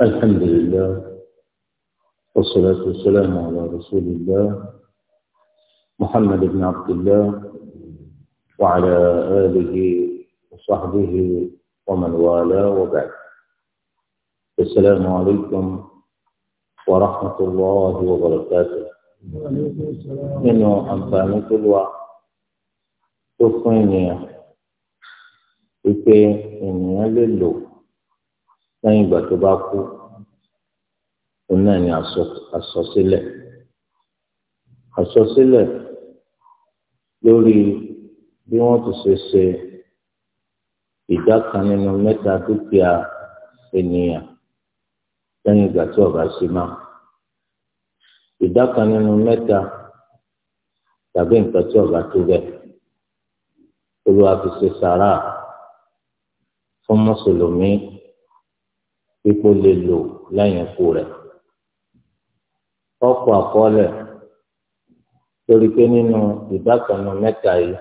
الحمد لله والصلاة والسلام على رسول الله محمد بن عبد الله وعلى آله وصحبه ومن والاه وبعد السلام عليكم ورحمة الله وبركاته إنه أنفان كل تفيني إيه إني أللو lẹ́yìn ìgbà tó bá kú òun náà ni àsọsílẹ̀ àsọsílẹ̀ lórí bí wọ́n ti ṣe ṣe ìdá kan nínú mẹ́ta dúkìá ènìyàn lẹ́yìn ìgbà tí ọba ṣe máa ìdá kan nínú mẹ́ta tàbí nǹkan tí ọba tó bẹ́ẹ̀ olúwa fi ṣe sàrà fún mùsùlùmí ipò lè lò lẹ́yìn ikú rẹ̀ ọkọ̀ àkọọ́lẹ̀ torí pé nínú ìdákanu mẹ́ta yìí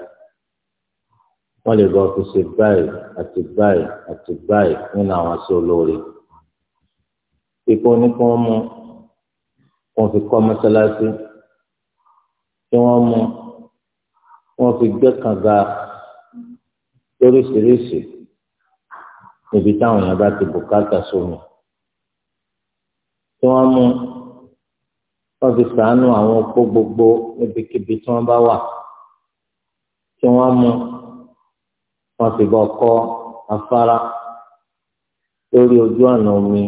wọ́n lè bọ́ fi ṣe báyìí àti báyìí àti báyìí nínú àwọn aṣọ olóore ipò oníkó mú wọ́n fi kọ́ mọ́sálásí tí wọ́n mú wọ́n fi gbẹ́ kànga lóríṣiríṣi níbi táwọn èèyàn bá ti bùkátà sómi tí wọ́n mú wọ́n fi ṣàánú àwọn opó gbogbo níbikíbi tí wọ́n bá wà tí wọ́n mú wọ́n fi bọ́ kọ́ afárá lórí ojú ọ̀nà omi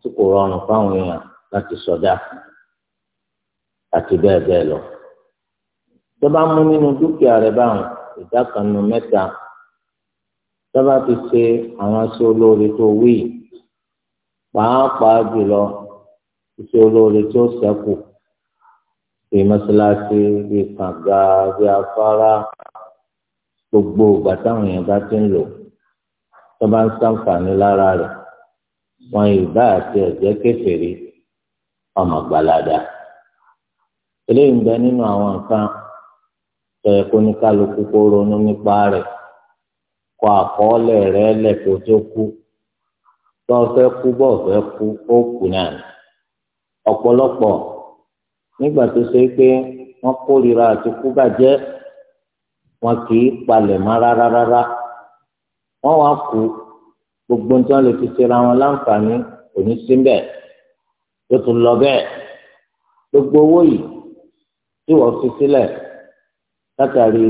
tí kò rọrùn fáwọn èèyàn láti sọdá àti bẹ́ẹ̀ bẹ́ẹ̀ lọ. tó bá mú nínú dúkìá rẹ̀ báwọn ìdá kan nu mẹ́ta sábà fi ṣe àwọn aṣọ olóore tó wí pàápàá jùlọ iṣẹ́ olóore tí ó ṣẹ́kù bí mọ́ṣáláṣí bí kànga bí afárá gbogbo ìgbà táwọn èèyàn bá ti ń lò tó bá ń ṣàǹfààní lára rẹ̀ wọn ìbá àti ẹ̀jẹ̀ kẹfẹ́rí ọmọ gbalada eléyìí ń bẹ nínú àwọn nǹkan tẹ̀yẹ ní kálukú kó ronú nípa rẹ̀ kọ àkọọ́lẹ̀ rẹ lẹ́kọ̀ọ́ tó kú tó fẹ́ kú bọ́ fẹ́ kú ó kù náà ọ̀pọ̀lọpọ̀ nígbà tó ṣe pé wọ́n kórìíra àti kú bàjẹ́ wọn kì í palẹ̀ mọ́ rárá rárá wọ́n wá kú gbogbo nǹkan lè fi ṣe ra wọn láǹfààní òní síbẹ̀ tó tún lọ bẹ́ẹ̀ gbogbo owó yìí tí wọ́n fi sílẹ̀ látàrí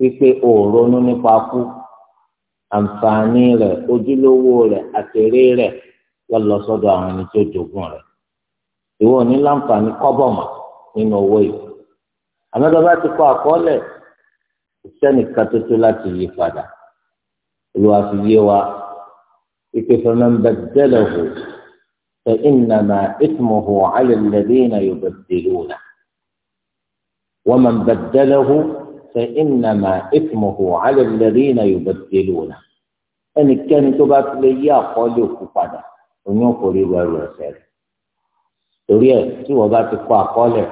wípé o ronú nípa kú àǹfààní rẹ ojúlówó rẹ àtẹrẹ rẹ wọn lọ sọ́dọ̀ àwọn ẹni tó jogún rẹ ìwọ ní láǹfààní kọ́bọ̀ mọ́ nínú owó yìí àmọ́tọ́ bá ti kọ àkọọ́lẹ̀ sẹ́nìkan tó tó láti yí padà olùwà fi yé wa wípé faman baddalahu fa innama ithmuhu ala alladhina yubaddiluna wa man baddalahu. فإنما إثمه على الذين يبدلونه ẹnikẹ́ni tó bá fi lè yí àkọọ́lẹ̀ òkú padà oyún kò rí wọ ẹrù ẹ̀ṣẹ̀ rẹ̀ torí ẹ̀ tí wọ́n bá ti kọ àkọọ́lẹ̀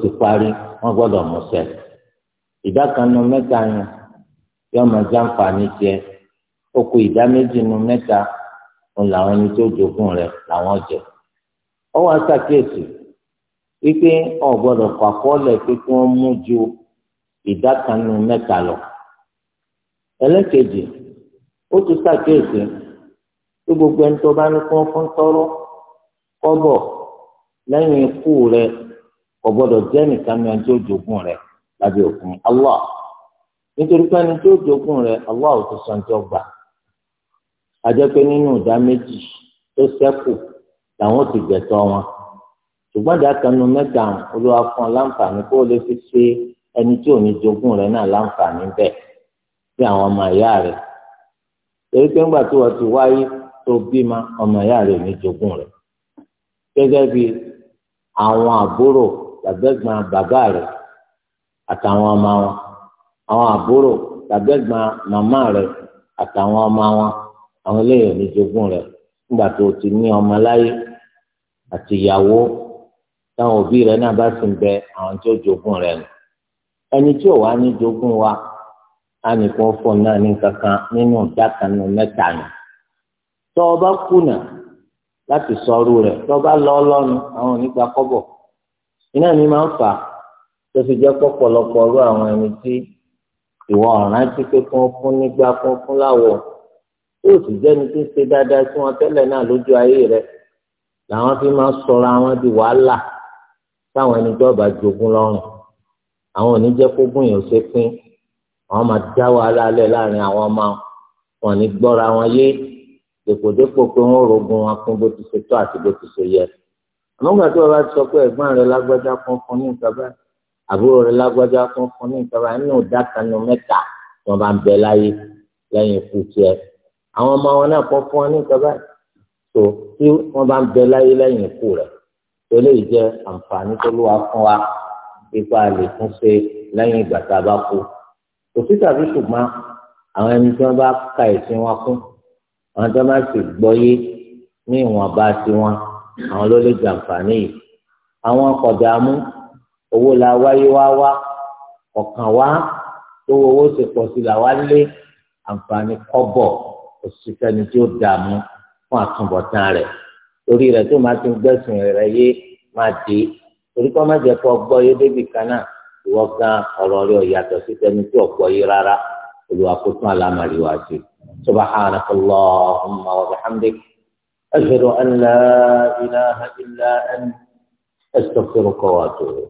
ti parí wọ́n gbọ́dọ̀ mú ṣẹ ìdá kan nu mẹ́ta yẹn yóò máa já nfààní tiẹ̀ ó kù ìdákanu mẹ́ta lọ ẹlẹ́kejì ó tún ṣàkíyèsí tó gbogbo ẹni tó bá ní kí wọ́n fún tọ́rọ́ kọ́bọ̀ lẹ́yìn ikú rẹ kò gbọ́dọ̀ jẹ́ nìkan ní ọjọ́ ìjogún rẹ lábẹ́ òkun Allah nítorí pé ẹni tó jogún rẹ Allah làwọn ti gbẹ̀tọ́ wọn ṣùgbọ́n ìdá mẹ́ta olúwa fún ẹni tí ò jogún rẹ náà láǹfààní bẹ́ẹ̀ sí àwọn ọmọ ìyá rẹ torí pé ńgbà tí wọ́n ti wáyé tó bímọ ọmọ ìyá rẹ ní jogún rẹ gẹ́gẹ́ bí àwọn àbúrò tàbẹ́gbọ́n bàbá rẹ àtàwọn ọmọ wọn àwọn àbúrò tàbẹ́gbọ́n màmá rẹ àtàwọn ọmọ wọn àwọn eléyìí jogún rẹ ńgbà ti ní ọmọ láyé àti ìyàwó táwọn òbí rẹ náà bá sì ń bẹ àwọn ẹni tí ò wá ní jogún wa á nìkan fún náà ní kankan nínú ìdákanu mẹ́ta yẹn tọ́ ọ bá kùnà láti sọrú rẹ̀ tọ́ ọ bá lọ ọlọ́run àwọn onígbà kọ́bọ̀ iná ni máa ń fà tó fi jẹ́ pọ̀pọ̀lọpọ̀ ọ̀rọ̀ àwọn ẹni tí ìwọ ọ̀ràn ti pé kí wọ́n fún nígbà fún fún láwọ̀ yóò sì jẹ́ni tó ṣe dáadáa sí wọn tẹ́lẹ̀ náà lójú ayé rẹ̀ làwọn fi máa sọ̀rọ̀ àwọn di wàhálà táwọn ẹni tó bá jogún lọ́rùn àwọn òní jẹ́ kó gún yẹn ó ṣe pín àwọn máa dá wàhálà lẹ̀ láàrin àwọn ọmọ wọn ní gbọ́ra wọn yé dèpòdépò pé wọ́n rogun wọn pín bó ti ṣe tó àti bó ti ṣe yẹ àmọ́gbà tí wọ́n bá sọ pé ẹ̀gbọ́n rẹ̀ lágbájá kan fún ní nǹkan báyìí àbúrò rẹ̀ lágbájá kan fún ní nǹkan báyìí ìdákanu mẹ́ta tí bá ń bẹ láyé lẹ́yìn ikú tiẹ̀ àwọn ọmọ wọn náà kọ́ fún wọn ní nǹkan tó tí wọ́n bá ń bẹ láyé lẹ́yìn ikú rẹ̀ tó lè jẹ́ àǹfààní tó lù wá fún wa ipa lè tún ṣe lẹ́yìn ìgbà tá a bá kú kò sí tàbí ṣùgbọ́n àwọn ẹni tí wọ́n bá ka ẹ̀sìn wọn kún àwọn tí wọ́n bá sì gbọ́ yé ní ìwọ̀nba tiwọn àwọn ló lè jàǹfààní yìí àwọn kọ̀dààmú owó la wáyé wá wá ọ̀kan wá tó owó ti pọ̀ sí là wá lé àǹfààní kọ́bọ̀ òṣìṣẹ́ni tí ó dààmú fún àtúbọ̀tán rẹ̀ torí rẹ̀ tó máa ti gbẹ̀sùn rẹ̀ yé máa dé torí kọ́ má jẹ́ kó ọgbọ́ yé débi kan náà ìwọ gan ọ̀rọ̀ rẹ̀ ò yàtọ̀ sí tẹni tí ọgbọ́ yé rárá olùwàkótó alámàrí wa ṣe subhanaka allahumma wa bihamdik ashhadu an la ilaha illa anta astaghfiruka wa atubu.